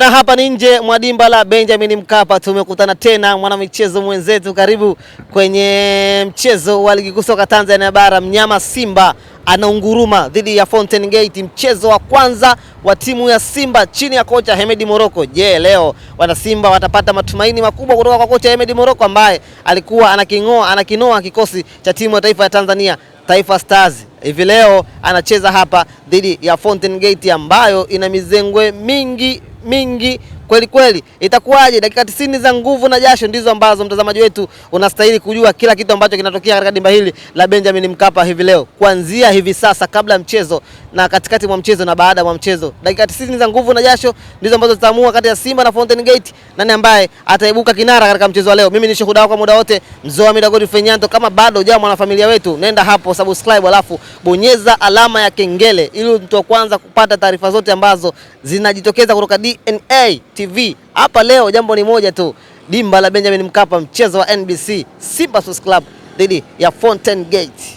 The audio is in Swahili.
Bara hapa ni nje mwa dimba la Benjamin Mkapa, tumekutana tena mwanamichezo mwenzetu. Karibu kwenye mchezo wa ligi kuu soka Tanzania Bara. Mnyama Simba anaunguruma dhidi ya Fountain Gate, mchezo wa kwanza wa timu ya Simba chini ya kocha Hemedi Moroko. Je, leo wana Simba watapata matumaini makubwa kutoka kwa kocha Hemedi Moroko ambaye alikuwa anaking'oa anakinoa kikosi cha timu ya taifa ya Tanzania Taifa Stars hivi leo anacheza hapa dhidi ya Fountain Gate ambayo ina mizengwe mingi mingi kweli kweli. Itakuwaje? dakika 90 za nguvu na jasho ndizo ambazo mtazamaji wetu unastahili kujua kila kitu ambacho kinatokea katika dimba hili la Benjamin Mkapa hivi leo, kuanzia hivi sasa, kabla ya mchezo na katikati mwa mchezo na baada ya mchezo. Dakika 90 za nguvu na jasho ndizo ambazo zitaamua kati ya Simba na Fountain Gate, nani ambaye ataibuka kinara katika mchezo wa leo. Mimi ni shuhuda wako muda wote, Mzoa wa Midagodi Fenyanto. Kama bado hujamwa mwanafamilia wetu, nenda hapo subscribe, alafu bonyeza alama ya kengele ili mtu wa kwanza kupata taarifa zote ambazo zinajitokeza kutoka DNA TV. Hapa leo jambo ni moja tu, dimba la Benjamin Mkapa, mchezo wa NBC Simba Sports Club dhidi ya Fountain Gate.